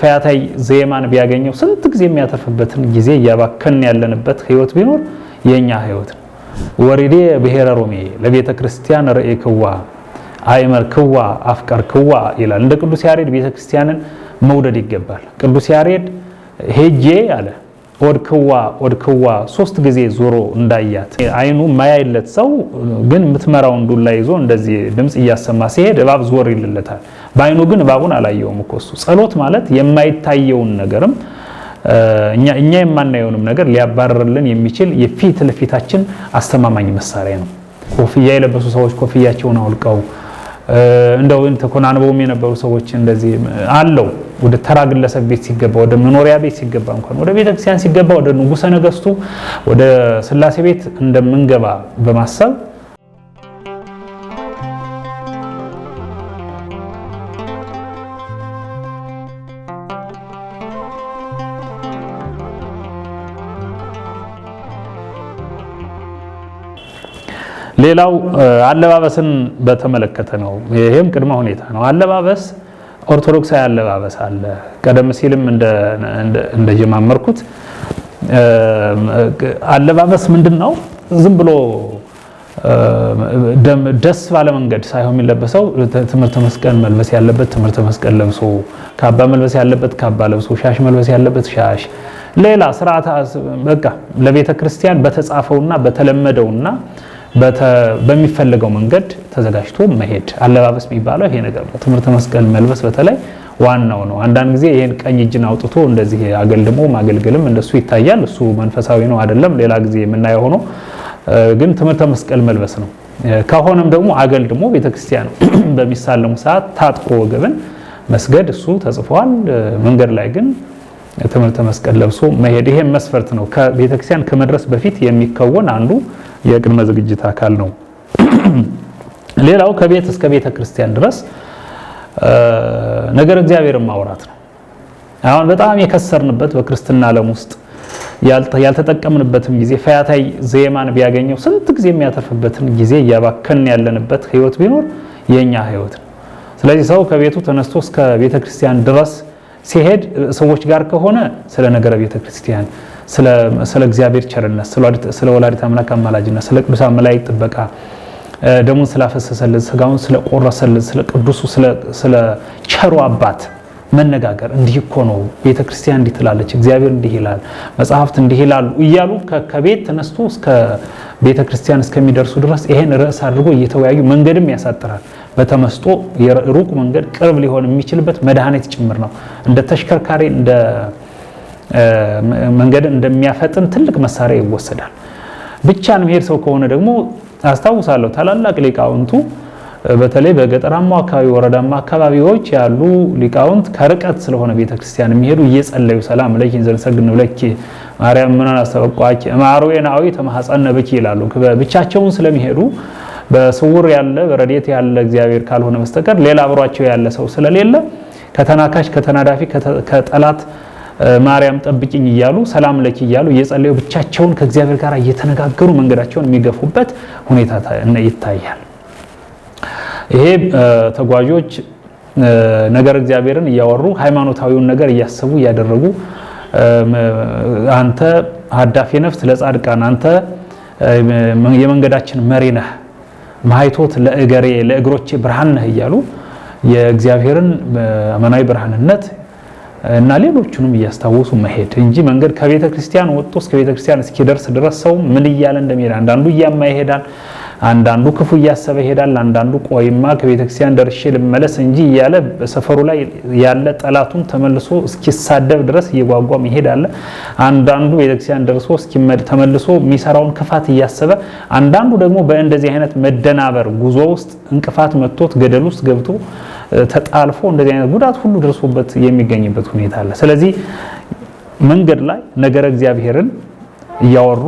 ፈያታይ ዜማን ቢያገኘው ስንት ጊዜ የሚያተርፍበትን ጊዜ እያባከን ያለንበት ህይወት ቢኖር የእኛ ህይወት ነው። ወሪዴ ብሔረ ሮሜ ለቤተ ክርስቲያን ርኤ ክዋ አይመር ክዋ አፍቀር ክዋ ይላል። እንደ ቅዱስ ያሬድ ቤተ ክርስቲያንን መውደድ ይገባል። ቅዱስ ያሬድ ሄጄ አለ ኦድክዋ ክዋ ክዋ ሶስት ጊዜ ዞሮ እንዳያት አይኑ ማያይለት ሰው ግን የምትመራውን ዱላ ይዞ እንደዚህ ድምፅ እያሰማ ሲሄድ እባብ ዞር ይልለታል። በአይኑ ግን እባቡን አላየውም እኮ እሱ። ጸሎት ማለት የማይታየውን ነገርም እኛ የማናየውንም ነገር ሊያባረርልን የሚችል የፊት ለፊታችን አስተማማኝ መሳሪያ ነው። ኮፍያ የለበሱ ሰዎች ኮፍያቸውን አውልቀው እንደው ተኮናንበውም የነበሩ ሰዎች እንደዚህ አለው። ወደ ተራ ግለሰብ ቤት ሲገባ፣ ወደ መኖሪያ ቤት ሲገባ እንኳን ወደ ቤተ ክርስቲያን ሲገባ፣ ወደ ንጉሰ ነገስቱ ወደ ስላሴ ቤት እንደምንገባ በማሰብ ሌላው አለባበስን በተመለከተ ነው። ይሄም ቅድመ ሁኔታ ነው። አለባበስ ኦርቶዶክሳዊ አለባበስ አለ። ቀደም ሲልም እንደጀማመርኩት አለባበስ ምንድን ነው? ዝም ብሎ ደስ ባለ መንገድ ሳይሆን የሚለበሰው ትምህርተ መስቀል መልበስ ያለበት ትምህርተ መስቀል ለብሶ፣ ካባ መልበስ ያለበት ካባ ለብሶ፣ ሻሽ መልበስ ያለበት ሻሽ፣ ሌላ ስርዓት በቃ ለቤተ ክርስቲያን በተጻፈውና በተለመደውና በሚፈለገው መንገድ ተዘጋጅቶ መሄድ። አለባበስ የሚባለው ይሄ ነገር ነው። ትምህርተ መስቀል መልበስ በተለይ ዋናው ነው። አንዳንድ ጊዜ ይህን ቀኝ እጅን አውጥቶ እንደዚህ አገልድሞ ማገልገልም እንደሱ ይታያል። እሱ መንፈሳዊ ነው አይደለም፣ ሌላ ጊዜ የምናየው ሆኖ ግን ትምህርተ መስቀል መልበስ ነው። ከሆነም ደግሞ አገልድሞ ቤተክርስቲያን በሚሳለሙ ሰዓት ታጥቆ ወገብን መስገድ እሱ ተጽፏል። መንገድ ላይ ግን ትምህርተ መስቀል ለብሶ መሄድ ይሄም መስፈርት ነው። ከቤተክርስቲያን ከመድረስ በፊት የሚከወን አንዱ የቅድመ ዝግጅት አካል ነው። ሌላው ከቤት እስከ ቤተ ክርስቲያን ድረስ ነገር እግዚአብሔር ማውራት ነው። አሁን በጣም የከሰርንበት በክርስትና ዓለም ውስጥ ያልተጠቀምንበትም ጊዜ ፈያታይ ዜማን ቢያገኘው ስንት ጊዜ የሚያተርፍበትን ጊዜ እያባከን ያለንበት ህይወት ቢኖር የኛ ህይወት ነው። ስለዚህ ሰው ከቤቱ ተነስቶ እስከ ቤተ ክርስቲያን ድረስ ሲሄድ ሰዎች ጋር ከሆነ ስለ ነገረ ቤተ ክርስቲያን ስለ እግዚአብሔር ቸርነት፣ ስለ ወላዲት አምላክ አማላጅነት፣ ስለ ቅዱሳን መላእክት ጥበቃ፣ ደሙን ስላፈሰሰልን፣ ስጋውን ስለቆረሰልን፣ ስለ ቅዱሱ ስለ ቸሩ አባት መነጋገር እንዲህ እኮ ነው፣ ቤተ ክርስቲያን እንዲህ ትላለች፣ እግዚአብሔር እንዲህ ይላል፣ መጽሐፍት እንዲህ ይላሉ እያሉ ከቤት ተነስቶ እስከ ቤተ ክርስቲያን እስከሚደርሱ ድረስ ይሄን ርዕስ አድርጎ እየተወያዩ መንገድም ያሳጥራል። በተመስጦ ሩቅ መንገድ ቅርብ ሊሆን የሚችልበት መድኃኒት ጭምር ነው። እንደ ተሽከርካሪ እንደ መንገድን እንደሚያፈጥን ትልቅ መሳሪያ ይወሰዳል። ብቻን መሄድ ሰው ከሆነ ደግሞ አስታውሳለሁ ታላላቅ ሊቃውንቱ በተለይ በገጠራማው አካባቢ ወረዳማ አካባቢዎች ያሉ ሊቃውንት ከርቀት ስለሆነ ቤተክርስቲያን የሚሄዱ እየጸለዩ ሰላም ለኪ ዘንሰግን ብለኪ ማርያም ምናን አስተበቋች ማሮዌ ናዊ ተማሐፀነ ብኪ ይላሉ። ብቻቸውን ስለሚሄዱ በስውር ያለ በረዴት ያለ እግዚአብሔር ካልሆነ በስተቀር ሌላ አብሯቸው ያለ ሰው ስለሌለ ከተናካሽ ከተናዳፊ ከጠላት ማርያም ጠብቂኝ እያሉ ሰላም ለኪ እያሉ እየጸለዩ ብቻቸውን ከእግዚአብሔር ጋር እየተነጋገሩ መንገዳቸውን የሚገፉበት ሁኔታ ይታያል። ይሄ ተጓዦች ነገር እግዚአብሔርን እያወሩ ሃይማኖታዊውን ነገር እያሰቡ እያደረጉ አንተ ሀዳፌ ነፍስ ለጻድቃን አንተ የመንገዳችን መሪ ነህ፣ ማይቶት ለእገሬ ለእግሮቼ ብርሃን ነህ እያሉ የእግዚአብሔርን አመናዊ ብርሃንነት እና ሌሎቹንም እያስታወሱ መሄድ እንጂ መንገድ ከቤተ ክርስቲያን ወጥቶ እስከ ቤተ ክርስቲያን እስኪደርስ ድረስ ሰው ምን እያለ እንደሚሄድ አንዳንዱ እያማ ይሄዳል። አንዳንዱ ክፉ እያሰበ ይሄዳል። አንዳንዱ ቆይማ ከቤተክርስቲያን ደርሼ ልመለስ እንጂ እያለ በሰፈሩ ላይ ያለ ጠላቱን ተመልሶ እስኪሳደብ ድረስ እየጓጓም ይሄዳል። አንዳንዱ ቤተክርስቲያን ደርሶ ተመልሶ የሚሰራውን ክፋት እያሰበ፣ አንዳንዱ ደግሞ በእንደዚህ አይነት መደናበር ጉዞ ውስጥ እንቅፋት መጥቶት ገደል ውስጥ ገብቶ ተጣልፎ እንደዚህ አይነት ጉዳት ሁሉ ደርሶበት የሚገኝበት ሁኔታ አለ። ስለዚህ መንገድ ላይ ነገረ እግዚአብሔርን እያወሩ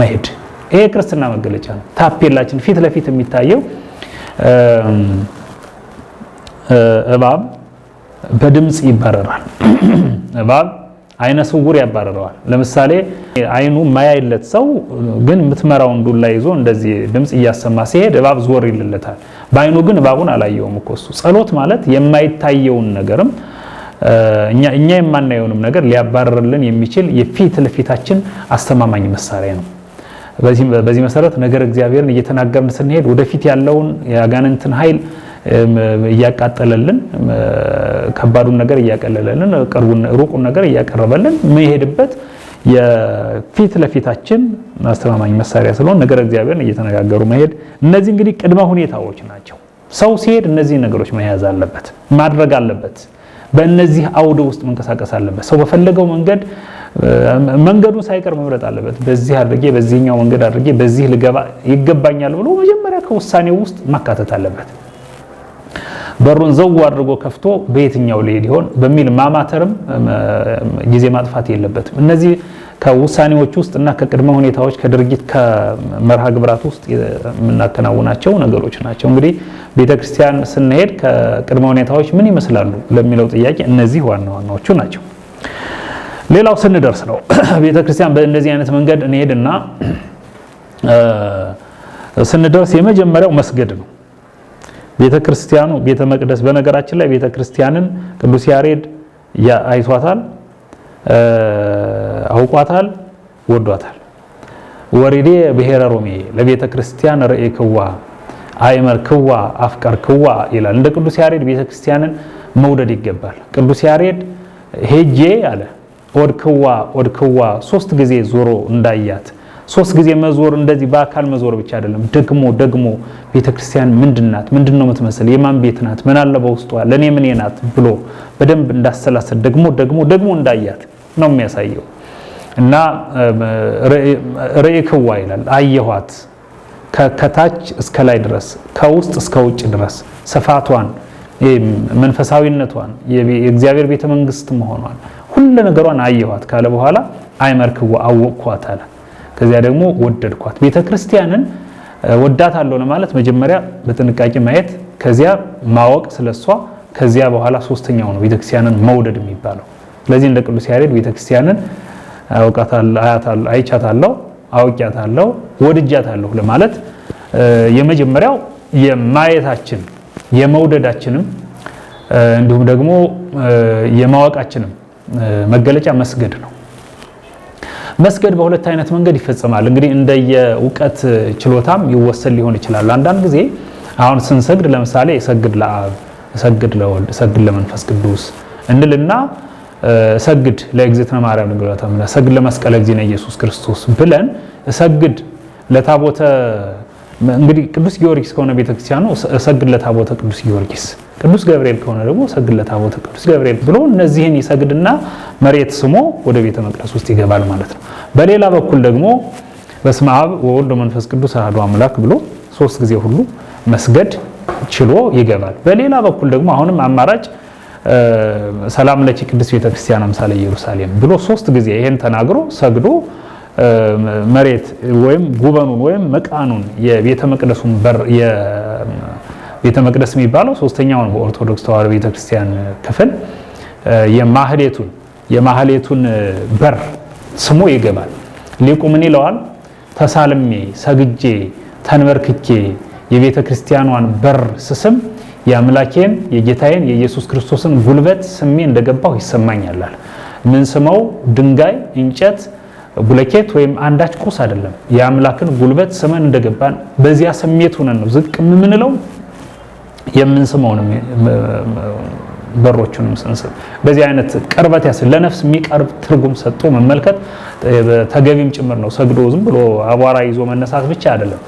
መሄድ ይሄ ክርስትና መገለጫ ነው። ታፔላችን ፊት ለፊት የሚታየው እባብ በድምፅ ይባረራል። እባብ አይነ ስውር ያባረረዋል። ለምሳሌ አይኑ ማያይለት ሰው ግን የምትመራውን ዱላ ይዞ እንደዚህ ድምፅ እያሰማ ሲሄድ እባብ ዞር ይልለታል። በአይኑ ግን እባቡን አላየውም እኮ እሱ። ጸሎት ማለት የማይታየውን ነገርም እኛ የማናየውንም ነገር ሊያባረርልን የሚችል የፊት ለፊታችን አስተማማኝ መሳሪያ ነው። በዚህ መሰረት ነገር እግዚአብሔርን እየተናገርን ስንሄድ ወደፊት ያለውን የአጋንንትን ኃይል እያቃጠለልን ከባዱን ነገር እያቀለለልን ሩቁን ነገር እያቀረበልን መሄድበት የፊት ለፊታችን አስተማማኝ መሳሪያ ስለሆን ነገር እግዚአብሔርን እየተነጋገሩ መሄድ። እነዚህ እንግዲህ ቅድመ ሁኔታዎች ናቸው። ሰው ሲሄድ እነዚህ ነገሮች መያዝ አለበት፣ ማድረግ አለበት። በእነዚህ አውድ ውስጥ መንቀሳቀስ አለበት። ሰው በፈለገው መንገድ መንገዱን ሳይቀር መምረጥ አለበት። በዚህ አድርጌ በዚህኛው መንገድ አድርጌ በዚህ ልገባ ይገባኛል ብሎ መጀመሪያ ከውሳኔው ውስጥ ማካተት አለበት። በሩን ዘው አድርጎ ከፍቶ በየትኛው ልሄድ ይሆን በሚል ማማተርም ጊዜ ማጥፋት የለበትም። እነዚህ ከውሳኔዎች ውስጥ እና ከቅድመ ሁኔታዎች ከድርጊት ከመርሃ ግብራት ውስጥ የምናከናውናቸው ነገሮች ናቸው። እንግዲህ ቤተክርስቲያን ስንሄድ ከቅድመ ሁኔታዎች ምን ይመስላሉ ለሚለው ጥያቄ እነዚህ ዋና ዋናዎቹ ናቸው። ሌላው ስንደርስ ነው ቤተ ክርስቲያን በእንደዚህ አይነት መንገድ እንሄድና ስንደርስ የመጀመሪያው መስገድ ነው። ቤተ ክርስቲያኑ ቤተ መቅደስ በነገራችን ላይ ቤተ ክርስቲያንን ቅዱስ ያሬድ አይቷታል፣ አውቋታል፣ ወዷታል። ወሪዴ ብሔረ ሮሜ ለቤተ ክርስቲያን ርኤ ክዋ አይመር ክዋ አፍቀር ክዋ ይላል። እንደ ቅዱስ ያሬድ ቤተ ክርስቲያንን መውደድ ይገባል። ቅዱስ ያሬድ ሄጄ አለ ኦድክዋ ኦድክዋ ሶስት ጊዜ ዞሮ እንዳያት ሶስት ጊዜ መዞር እንደዚህ በአካል መዞር ብቻ አይደለም። ደግሞ ደግሞ ቤተ ክርስቲያን ምንድናት? ምንድን ነው የምትመስል? የማን ቤት ናት? ምን አለ በውስጧ? ለእኔ ምን ናት ብሎ በደንብ እንዳሰላሰል ደግሞ ደግሞ ደግሞ እንዳያት ነው የሚያሳየው። እና ርዕክዋ ይላል አየኋት፣ ከታች እስከ ላይ ድረስ ከውስጥ እስከ ውጭ ድረስ ስፋቷን፣ መንፈሳዊነቷን፣ የእግዚአብሔር ቤተ መንግስት መሆኗን ሁሉ ነገሯን አየኋት ካለ በኋላ አይመርክዋ አወቅኳት አለ። ከዚያ ደግሞ ወደድኳት። ቤተ ክርስቲያንን አለው ለማለት መጀመሪያ በጥንቃቄ ማየት፣ ከዚያ ማወቅ ስለሷ፣ ከዚያ በኋላ ሶስተኛው ነው ቤተክርስቲያንን መውደድ የሚባለው። ስለዚህ እንደ ቅዱስ ያሬድ ቤተክርስቲያንን አይቻታለሁ፣ አውቂያታለሁ፣ ወድጃታለሁ ለማለት የመጀመሪያው የማየታችን የመውደዳችንም እንዲሁም ደግሞ የማወቃችንም መገለጫ መስገድ ነው። መስገድ በሁለት አይነት መንገድ ይፈጸማል። እንግዲህ እንደየእውቀት ችሎታም ይወሰድ ሊሆን ይችላል። አንዳንድ ጊዜ አሁን ስንሰግድ ለምሳሌ እሰግድ ለአብ፣ እሰግድ ለወልድ፣ እሰግድ ለመንፈስ ቅዱስ እንልና እሰግድ ለእግዝእትነ ማርያም ድንግል ተምነ፣ እሰግድ ለመስቀለ እግዚእነ ኢየሱስ ክርስቶስ ብለን እሰግድ ለታቦተ እንግዲህ ቅዱስ ጊዮርጊስ ከሆነ ቤተክርስቲያኑ እሰግድ ለታቦተ ቅዱስ ጊዮርጊስ ቅዱስ ገብርኤል ከሆነ ደግሞ ሰግድ ለታቦተ ቅዱስ ገብርኤል ብሎ እነዚህን ይሰግድና መሬት ስሞ ወደ ቤተ መቅደስ ውስጥ ይገባል ማለት ነው። በሌላ በኩል ደግሞ በስመ አብ ወወልድ መንፈስ ቅዱስ አሐዱ አምላክ ብሎ ሶስት ጊዜ ሁሉ መስገድ ችሎ ይገባል። በሌላ በኩል ደግሞ አሁንም አማራጭ ሰላም ለቺ ቅድስት ቤተ ክርስቲያን አምሳለ ኢየሩሳሌም ብሎ ሶስት ጊዜ ይሄን ተናግሮ ሰግዶ መሬት ወይም ጉበኑን ወይም መቃኑን የቤተ መቅደሱን በር ቤተ መቅደስ የሚባለው ሶስተኛውን በኦርቶዶክስ ተዋህዶ ቤተክርስቲያን ክፍል የማህሌቱን የማህሌቱን በር ስሞ ይገባል። ሊቁ ምን ይለዋል? ተሳልሜ ሰግጄ ተንበርክኬ የቤተ ክርስቲያኗን በር ስስም የአምላኬን የጌታዬን የኢየሱስ ክርስቶስን ጉልበት ስሜ እንደገባሁ ይሰማኛላል። ምን ስመው ድንጋይ፣ እንጨት፣ ቡለኬት ወይም አንዳች ቁስ አይደለም። የአምላክን ጉልበት ስመን እንደገባን በዚያ ስሜት ሆነን ነው ዝቅ የምንለው። የምንስመውንም በሮቹንም ስንስብ በዚህ አይነት ቅርበት ያስ ለነፍስ የሚቀርብ ትርጉም ሰጥቶ መመልከት ተገቢም ጭምር ነው። ሰግዶ ዝም ብሎ አቧራ ይዞ መነሳት ብቻ አይደለም።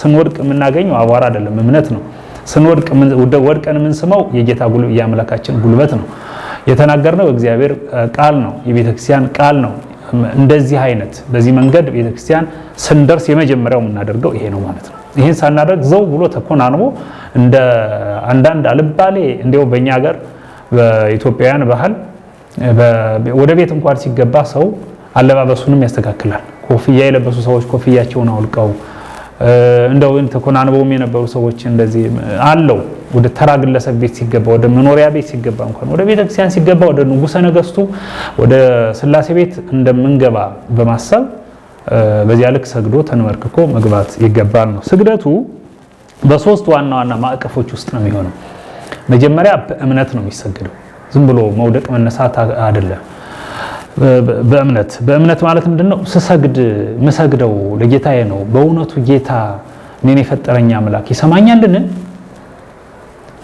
ስንወድቅ የምናገኘው አቧራ አይደለም፣ እምነት ነው። ስንወድቅ ወድቀን የምንስመው የጌታ የአምላካችን ጉልበት ነው። የተናገርነው እግዚአብሔር ቃል ነው፣ የቤተክርስቲያን ቃል ነው። እንደዚህ አይነት በዚህ መንገድ ቤተክርስቲያን ስንደርስ የመጀመሪያው የምናደርገው ይሄ ነው ማለት ነው። ይህን ሳናደርግ ዘው ብሎ ተኮናንቦ እንደ አንዳንድ አልባሌ እንዲያው በእኛ ሀገር በኢትዮጵያውያን ባህል ወደ ቤት እንኳን ሲገባ ሰው አለባበሱንም ያስተካክላል። ኮፍያ የለበሱ ሰዎች ኮፍያቸውን አውልቀው እንደው ተኮናንበውም የነበሩ ሰዎች እንደዚህ አለው። ወደ ተራ ግለሰብ ቤት ሲገባ፣ ወደ መኖሪያ ቤት ሲገባ እንኳን ወደ ቤተ ክርስቲያን ሲገባ፣ ወደ ንጉሰ ነገስቱ ወደ ስላሴ ቤት እንደምንገባ በማሰብ በዚያ ልክ ሰግዶ ተንበርክኮ መግባት ይገባል ነው ስግደቱ በሶስት ዋና ዋና ማዕቀፎች ውስጥ ነው የሚሆነው። መጀመሪያ በእምነት ነው የሚሰገደው። ዝም ብሎ መውደቅ መነሳት አይደለም። በእምነት በእምነት ማለት ምንድን ነው? ስሰግድ ምሰግደው ለጌታዬ ነው። በእውነቱ ጌታ እኔን የፈጠረኝ አምላክ ይሰማኛልን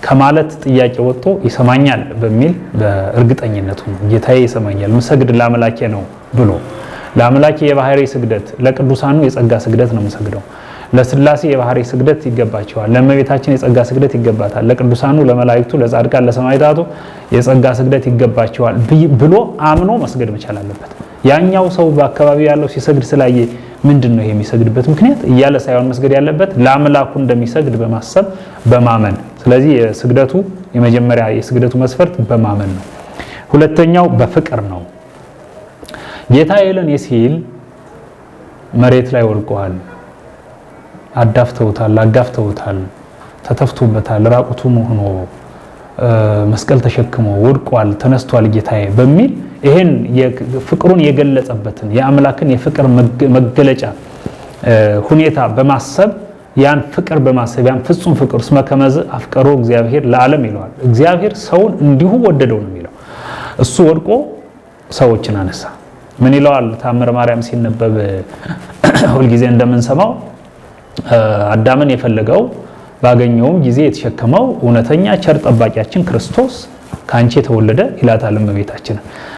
ከማለት ጥያቄ ወጥቶ ይሰማኛል በሚል በእርግጠኝነቱ ነው። ጌታዬ ይሰማኛል፣ ምሰግድ ለአምላኬ ነው ብሎ ለአምላኬ የባህሪ ስግደት፣ ለቅዱሳኑ የጸጋ ስግደት ነው ምሰግደው ለስላሴ የባህሪ ስግደት ይገባቸዋል። ለእመቤታችን የጸጋ ስግደት ይገባታል። ለቅዱሳኑ፣ ለመላእክቱ፣ ለጻድቃን፣ ለሰማዕታቱ የጸጋ ስግደት ይገባቸዋል ብሎ አምኖ መስገድ መቻል አለበት። ያኛው ሰው በአካባቢው ያለው ሲሰግድ ስላየ ምንድን ነው የሚሰግድበት ምክንያት እያለ ሳይሆን መስገድ ያለበት ለአምላኩ እንደሚሰግድ በማሰብ በማመን ስለዚህ የስግደቱ የመጀመሪያ የስግደቱ መስፈርት በማመን ነው። ሁለተኛው በፍቅር ነው። ጌታ የለን ሲል መሬት ላይ ወድቀዋል። አዳፍተውታል፣ አጋፍተውታል፣ ተተፍቶበታል፣ ራቁቱ ሆኖ መስቀል ተሸክሞ ወድቋል፣ ተነስቷል ጌታዬ በሚል ይሄን ፍቅሩን የገለጸበትን የአምላክን የፍቅር መገለጫ ሁኔታ በማሰብ ያን ፍቅር በማሰብ ያን ፍጹም ፍቅር እስመ ከመዝ አፍቀሮ እግዚአብሔር ለዓለም ይለዋል። እግዚአብሔር ሰውን እንዲሁ ወደደው ነው የሚለው። እሱ ወድቆ ሰዎችን አነሳ። ምን ይለዋል? ታምረ ማርያም ሲነበብ ሁልጊዜ እንደምንሰማው አዳምን የፈለገው ባገኘውም ጊዜ የተሸከመው እውነተኛ ቸር ጠባቂያችን ክርስቶስ ከአንቺ የተወለደ ይላታል እመቤታችንን።